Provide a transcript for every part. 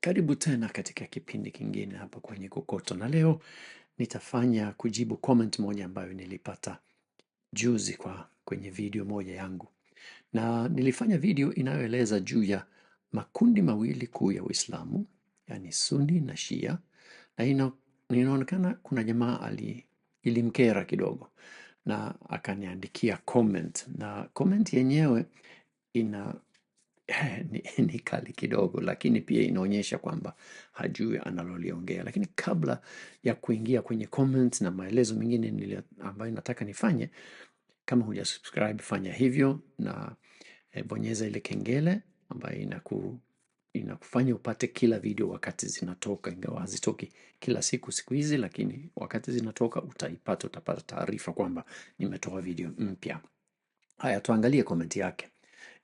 Karibu tena katika kipindi kingine hapa kwenye Kokoto, na leo nitafanya kujibu comment moja ambayo nilipata juzi kwa kwenye video moja yangu, na nilifanya video inayoeleza juu ya makundi mawili kuu ya Uislamu, yani Sunni na Shia, na ino, inaonekana kuna jamaa ali ilimkera kidogo na akaniandikia comment, na comment yenyewe ina ni, ni kali kidogo, lakini pia inaonyesha kwamba hajui analoliongea. Lakini kabla ya kuingia kwenye comments na maelezo mengine ambayo nataka nifanye, kama huja subscribe fanya hivyo na e, bonyeza ile kengele ambayo inaku inakufanya upate kila video wakati zinatoka, ingawa hazitoki kila siku siku hizi, lakini wakati zinatoka utaipata, utapata taarifa kwamba nimetoa video mpya. Haya, tuangalie komenti yake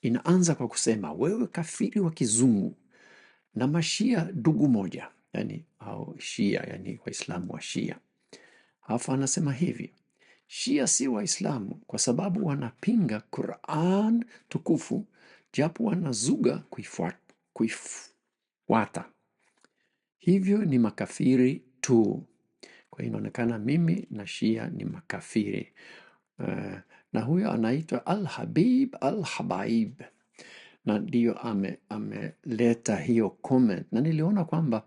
inaanza kwa kusema wewe kafiri wa kizungu na mashia ndugu moja, yani au shia, yani waislamu wa shia. Alafu anasema hivi shia si waislamu kwa sababu wanapinga Quran tukufu, japo wanazuga kuifuata, hivyo ni makafiri tu. Kwa hiyo inaonekana mimi na shia ni makafiri uh, na huyo anaitwa alhabib alhabaib na ndiyo ameleta ame hiyo comment, na niliona kwamba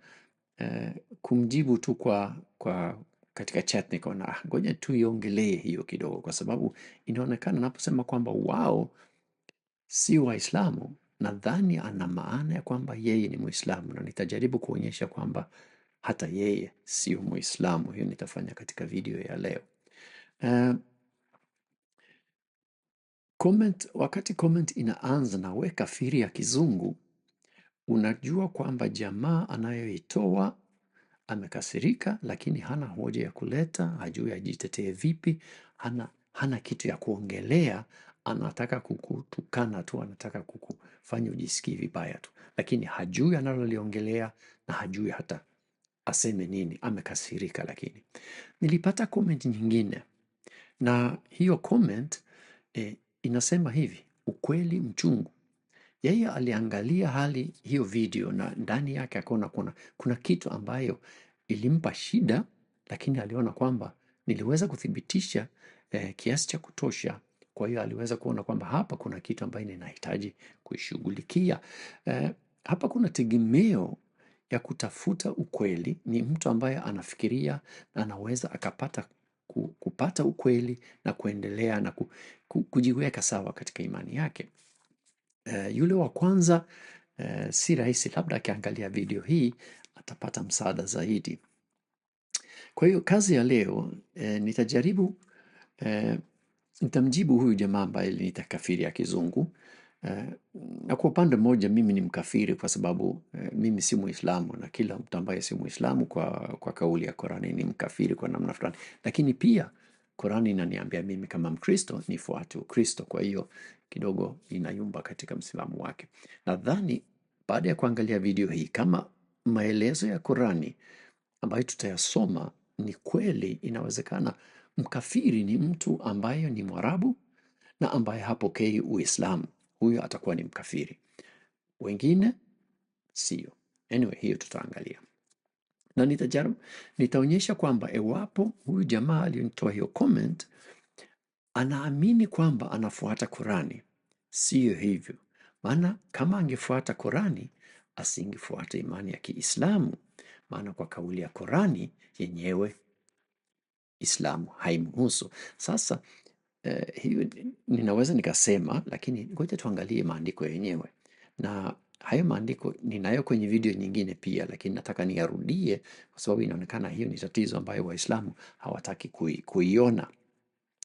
eh, kumjibu tu kwa, kwa katika chat nikaona ah, ngoja tuiongelee hiyo kidogo, kwa sababu inaonekana naposema kwamba wao si Waislamu, nadhani ana maana ya kwamba yeye ni Muislamu, na nitajaribu kuonyesha kwamba hata yeye sio Muislamu. Hiyo nitafanya katika video ya leo. Eh, Comment, wakati comment inaanza na we kafiri ya kizungu, unajua kwamba jamaa anayoitoa amekasirika, lakini hana hoja ya kuleta, hajui ajitetee vipi, hana, hana kitu ya kuongelea, anataka kukutukana tu, anataka kukufanya ujisikii vibaya tu, lakini hajui analoliongelea na hajui hata aseme nini, amekasirika. Lakini nilipata comment nyingine, na hiyo comment eh, inasema hivi, ukweli mchungu. Yeye aliangalia hali hiyo video na ndani yake akaona kuna, kuna kitu ambayo ilimpa shida, lakini aliona kwamba niliweza kuthibitisha eh, kiasi cha kutosha. Kwa hiyo aliweza kuona kwamba hapa kuna kitu ambayo ninahitaji kuishughulikia. Eh, hapa kuna tegemeo ya kutafuta ukweli. Ni mtu ambaye anafikiria na anaweza akapata kupata ukweli na kuendelea na kujiweka sawa katika imani yake. Eh, yule wa kwanza eh, si rahisi, labda akiangalia video hii atapata msaada zaidi. Kwa hiyo kazi ya leo eh, nitajaribu nitamjibu huyu jamaa ambaye aliniita kafiri ya kizungu Eh, na kwa upande mmoja mimi ni mkafiri kwa sababu eh, mimi si muislamu na kila mtu ambaye si muislamu kwa, kwa kauli ya Korani ni mkafiri kwa namna fulani. Lakini pia Korani inaniambia mimi kama mkristo nifuate ukristo kwa hiyo kidogo inayumba katika msimamo wake. Nadhani baada ya kuangalia video hii kama maelezo ya Korani ambayo tutayasoma ni kweli inawezekana mkafiri ni mtu ambaye ni Mwarabu na ambaye hapokei Uislamu huyo atakuwa ni mkafiri, wengine sio. Anyway, hiyo tutaangalia na nitajaribu, nitaonyesha kwamba ewapo huyu jamaa aliyonitoa hiyo comment anaamini kwamba anafuata Qurani, siyo hivyo. Maana kama angefuata Qurani asingefuata imani ya Kiislamu, maana kwa kauli ya Qurani yenyewe Islamu haimhusu. Sasa eh, hiyo ninaweza nikasema, lakini ngoja tuangalie maandiko yenyewe, na hayo maandiko ninayo kwenye video nyingine pia, lakini nataka niyarudie kwa sababu inaonekana hiyo ni tatizo ambayo Waislamu hawataki kui, kuiona.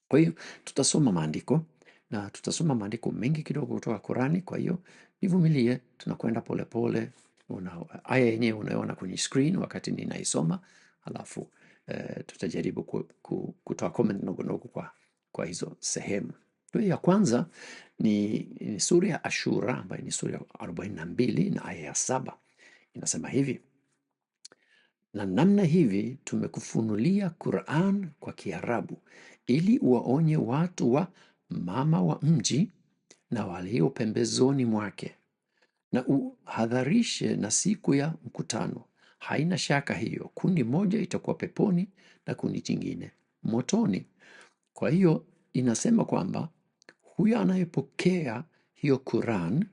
Kwa hiyo tutasoma maandiko na tutasoma maandiko mengi kidogo kutoka Qurani. Kwa hiyo nivumilie, tunakwenda polepole. Una aya yenyewe unayoona kwenye screen wakati ninaisoma, alafu eh, tutajaribu ku, ku, kutoa comment ndogo ndogo kwa kwa hizo sehemu. Ya kwanza ni, ni sura ya Ashura ambayo ni sura ya 42 na aya ya saba inasema hivi: na namna hivi tumekufunulia Qur'an kwa Kiarabu ili uwaonye watu wa mama wa mji na walio pembezoni mwake, na uhadharishe na siku ya mkutano. Haina shaka hiyo, kundi moja itakuwa peponi na kundi jingine motoni. Kwa hiyo inasema kwamba huyo anayepokea hiyo Quran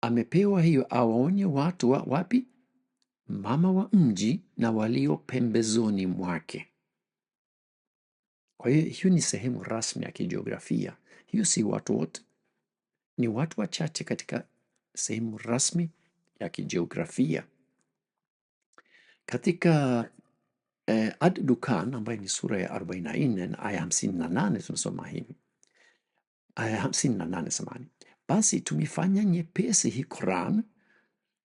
amepewa hiyo awaonye watu wa wapi? Mama wa mji na walio pembezoni mwake. Kwa hiyo hiyo ni sehemu rasmi ya kijiografia. Hiyo si watu wote, ni watu wachache katika sehemu rasmi ya kijiografia. Katika eh, ad dukan ambayo ni sura ya 44 na aya 58 tunasoma hivi aya 58 samani basi tumefanya nyepesi hii Quran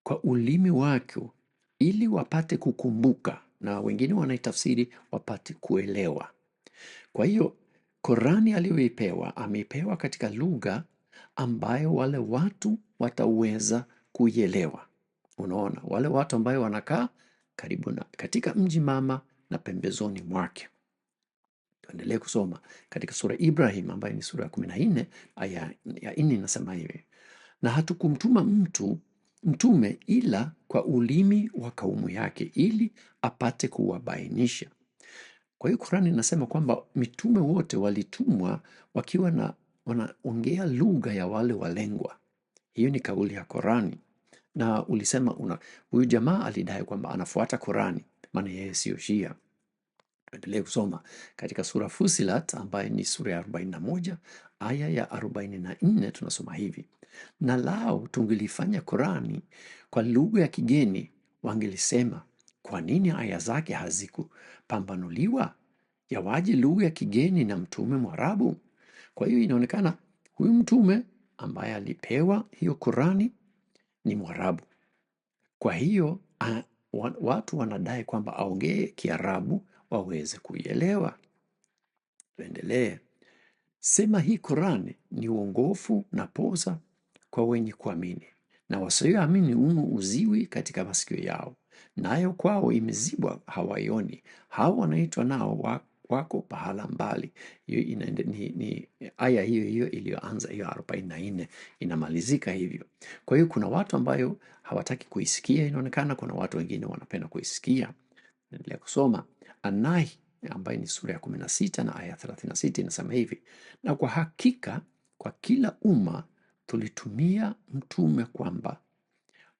kwa ulimi wako ili wapate kukumbuka na wengine wanaitafsiri wapate kuelewa kwa hiyo Korani aliyoipewa ameipewa katika lugha ambayo wale watu wataweza kuielewa. Unaona, wale watu ambayo wanakaa karibu na katika mji mama na pembezoni mwake. Tuendelee kusoma katika sura Ibrahim ambayo ni sura ya kumi na nne aya ya nne inasema hivi, na hatukumtuma mtu mtume ila kwa ulimi wa kaumu yake ili apate kuwabainisha. Kwa hiyo Qurani inasema kwamba mitume wote walitumwa wakiwa na wanaongea lugha ya wale walengwa. Hiyo ni kauli ya Qurani, na ulisema huyu jamaa alidai kwamba anafuata Qurani maana yeye siyo Shia. Tuendelee kusoma katika sura Fusilat ambaye ni sura ya 41 aya ya 44, tunasoma hivi: na lao tungilifanya qurani kwa lugha ya kigeni, wangelisema kwa nini aya zake hazikupambanuliwa yawaje lugha ya kigeni na mtume Mwarabu? Kwa hiyo inaonekana huyu mtume ambaye alipewa hiyo Qurani ni Mwarabu. Kwa hiyo watu wanadai kwamba aongee Kiarabu waweze kuielewa. Tuendelee. Sema hii Qurani ni uongofu na poza kwa wenye kuamini, na wasioamini umu uziwi katika masikio yao, nayo kwao imezibwa, hawaioni. Hao wanaitwa nao kwako pahala mbali. Ni aya hiyo hiyo iliyoanza hiyo 44 inamalizika hivyo. Kwa hiyo kuna watu ambayo hawataki kuisikia, inaonekana kuna watu wengine wanapenda kuisikia. endelea kusoma anai ambaye ni sura ya 16 na aya 36 inasema hivi, na kwa hakika kwa kila umma tulitumia mtume kwamba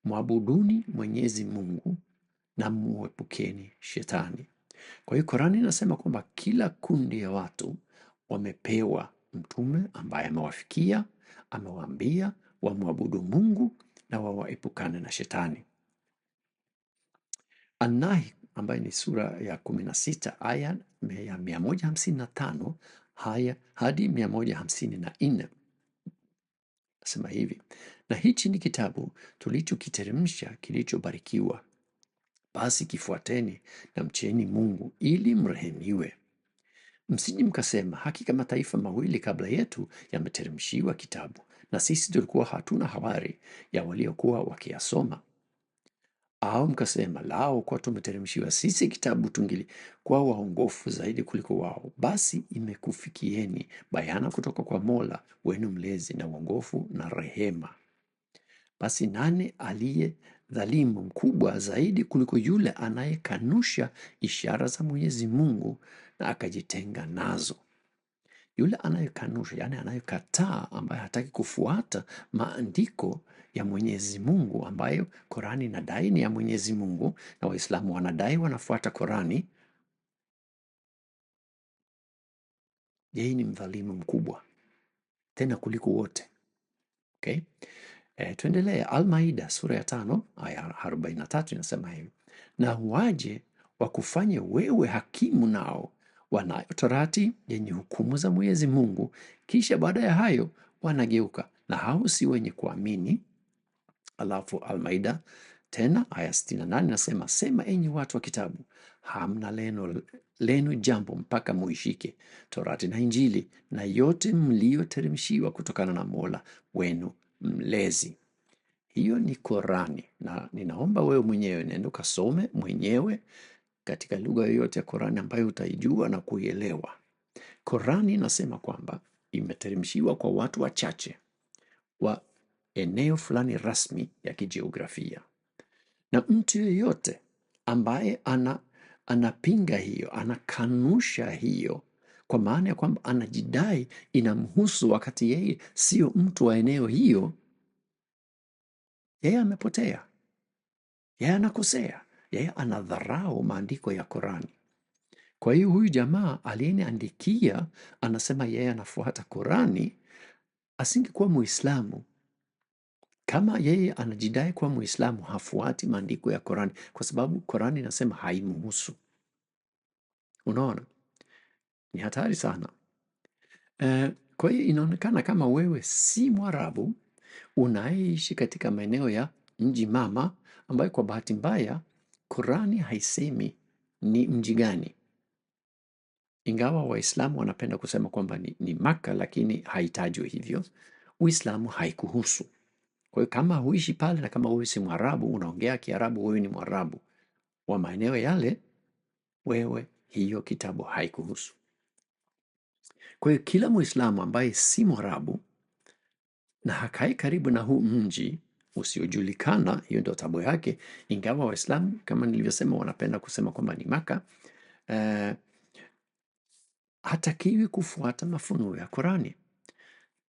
mwabuduni Mwenyezi Mungu na muepukeni shetani. Kwa hiyo korani inasema kwamba kila kundi ya watu wamepewa mtume ambaye amewafikia, amewaambia wamwabudu Mungu na wawaepukane na shetani. anahi ambaye ambayo ni sura ya kumi na sita aya ya mia moja hamsini na tano haya hadi mia moja hamsini na nne nasema hivi: na hichi ni kitabu tulichokiteremsha kilichobarikiwa, basi kifuateni na mcheni Mungu ili mrehemiwe. msiji mkasema hakika mataifa mawili kabla yetu yameteremshiwa kitabu na sisi tulikuwa hatuna habari ya waliokuwa wakiyasoma. Au mkasema lao, kwa tumeteremshiwa sisi kitabu tungili kwa waongofu zaidi kuliko wao. Basi imekufikieni bayana kutoka kwa Mola wenu mlezi na uongofu na rehema. Basi nani aliye dhalimu mkubwa zaidi kuliko yule anayekanusha ishara za Mwenyezi Mungu na akajitenga nazo. Yule anayekanusha, yani anayekataa, ambaye hataki kufuata maandiko ya Mwenyezi Mungu ambayo Korani inadai ni ya Mwenyezi Mungu na Waislamu wanadai wanafuata Korani, yeye ni mdhalimu mkubwa tena kuliko wote. Okay? E, tuendelee. Almaida sura ya tano aya arobaini na tatu inasema hivi, na waje wakufanye wewe hakimu nao wanayo torati yenye hukumu za Mwenyezi Mungu, kisha baada ya hayo wanageuka, na hao si wenye kuamini. Alafu Almaida tena aya 68 nasema, sema enyi watu wa kitabu, hamna leno lenu jambo mpaka muishike torati na Injili na yote mliyoteremshiwa kutokana na Mola wenu mlezi. Hiyo ni Qurani, na ninaomba wewe mwenyewe nenda ukasome mwenyewe katika lugha yoyote ya Qurani ambayo utaijua na kuielewa. Qurani inasema kwamba imeteremshiwa kwa watu wachache wa eneo fulani rasmi ya kijiografia, na mtu yeyote ambaye ana anapinga hiyo, anakanusha hiyo kwa maana ya kwamba anajidai inamhusu, wakati yeye sio mtu wa eneo hiyo. Yeye amepotea, yeye anakosea, yeye anadharau maandiko ya Korani. Kwa hiyo huyu jamaa aliyeniandikia anasema yeye anafuata Korani, asingekuwa Muislamu. Kama yeye anajidai kuwa Muislamu, hafuati maandiko ya Korani kwa sababu Korani inasema haimhusu. Unaona, ni hatari sana. Uh, kwa hiyo inaonekana kama wewe si Mwarabu unayeishi katika maeneo ya mji mama ambayo kwa bahati mbaya Qurani haisemi ni mji gani, ingawa Waislamu wanapenda kusema kwamba ni, ni Makka, lakini haitajwi hivyo. Uislamu haikuhusu. Kwa hiyo kama huishi pale na kama wewe si Mwarabu, unaongea Kiarabu, wewe ni Mwarabu wa maeneo yale, wewe hiyo kitabu haikuhusu. Kwa hiyo kila Muislamu ambaye si Mwarabu na hakai karibu na huu mji usiojulikana, hiyo ndio tabu yake. Ingawa Waislamu kama nilivyosema, wanapenda kusema kwamba ni Maka. Uh, hatakiwi kufuata mafunuo ya Qurani.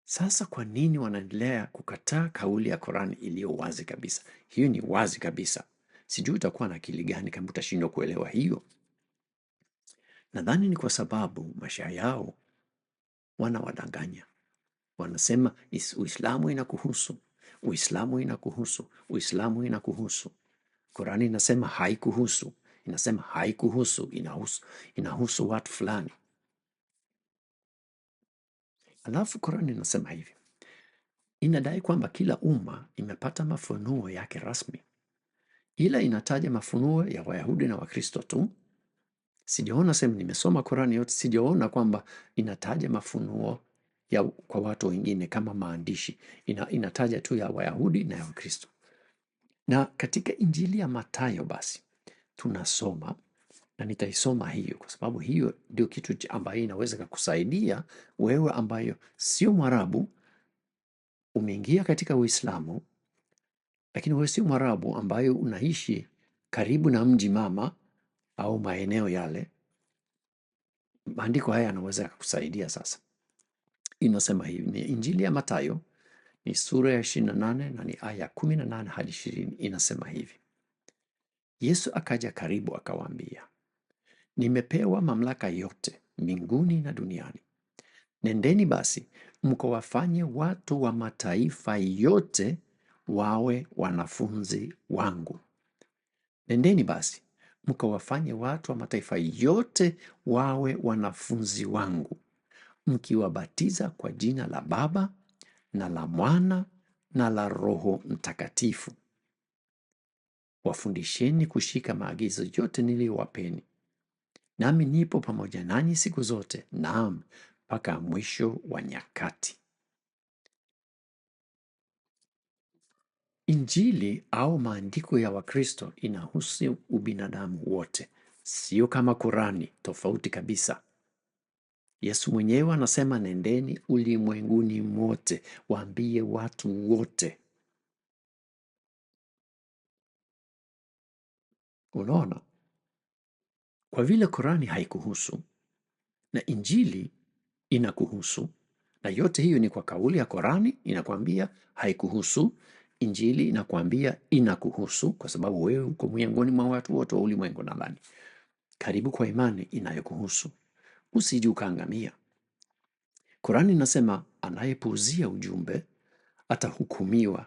Sasa kwa nini wanaendelea kukataa kauli ya Qurani iliyo wazi kabisa? Hiyo ni wazi kabisa. Sijui utakuwa na akili gani kama utashindwa kuelewa hiyo. Nadhani ni kwa sababu maisha yao wanawadanganya. Wanasema Uislamu inakuhusu, Uislamu inakuhusu, Uislamu inakuhusu. Qurani inasema haikuhusu, inasema haikuhusu, inahusu, inahusu watu fulani. Alafu Qurani inasema hivi, inadai kwamba kila umma imepata mafunuo yake rasmi, ila inataja mafunuo ya Wayahudi na Wakristo tu Sijaona sehemu, nimesoma Qurani yote, sijaona kwamba inataja mafunuo ya kwa watu wengine kama maandishi. Ina, inataja tu ya Wayahudi na ya Wakristo. Na katika Injili ya Mathayo basi tunasoma na nitaisoma hiyo kwa sababu hiyo ndio kitu ambayo inaweza kukusaidia wewe ambayo sio Mwarabu, umeingia katika Uislamu, lakini wewe sio Mwarabu ambayo unaishi karibu na mji mama au maeneo yale, maandiko haya yanaweza kukusaidia sasa. Inasema hivi, ni Injili ya Mathayo, ni sura ya 28 na ni aya 18 hadi 20. Inasema hivi, Yesu akaja karibu akawaambia, nimepewa mamlaka yote mbinguni na duniani. Nendeni basi mkawafanye watu wa mataifa yote wawe wanafunzi wangu. Nendeni basi mkawafanye watu wa mataifa yote wawe wanafunzi wangu, mkiwabatiza kwa jina la Baba na la Mwana na la Roho Mtakatifu. Wafundisheni kushika maagizo yote niliyowapeni, nami nipo pamoja nanyi siku zote, naam, mpaka mwisho wa nyakati. Injili au maandiko ya Wakristo inahusu ubinadamu wote, sio kama Kurani, tofauti kabisa. Yesu mwenyewe anasema nendeni ulimwenguni mote, waambie watu wote. Unaona, kwa vile Kurani haikuhusu na Injili inakuhusu, na yote hiyo ni kwa kauli ya Korani inakwambia haikuhusu, Injili inakwambia inakuhusu, kwa sababu wewe uko miongoni mwa watu wote wa ulimwengu. Nadhani karibu kwa imani inayokuhusu, usije ukaangamia. Korani inasema anayepuuzia ujumbe atahukumiwa.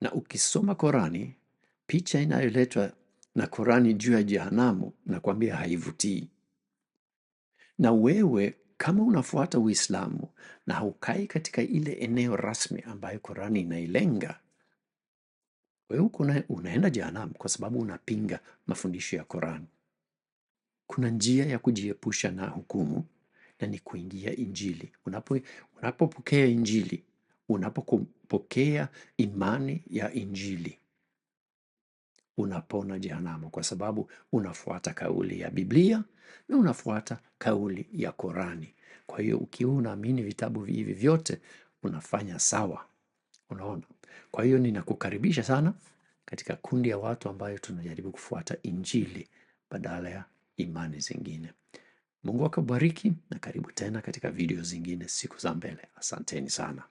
Na ukisoma Korani, picha inayoletwa na Korani juu ya jehanamu nakwambia haivutii. Na wewe kama unafuata Uislamu na haukai katika ile eneo rasmi ambayo Qurani inailenga, wewe huko unaenda jehanamu kwa sababu unapinga mafundisho ya Qurani. Kuna njia ya kujiepusha na hukumu na ni kuingia Injili. Unapo unapopokea Injili, unapopokea imani ya Injili unapona jehanamu, kwa sababu unafuata kauli ya Biblia na unafuata kauli ya Korani. Kwa hiyo ukiwa unaamini vitabu hivi vyote unafanya sawa, unaona. Kwa hiyo ninakukaribisha sana katika kundi ya watu ambayo tunajaribu kufuata Injili badala ya imani zingine. Mungu akabariki na karibu tena katika video zingine siku za mbele. Asanteni sana.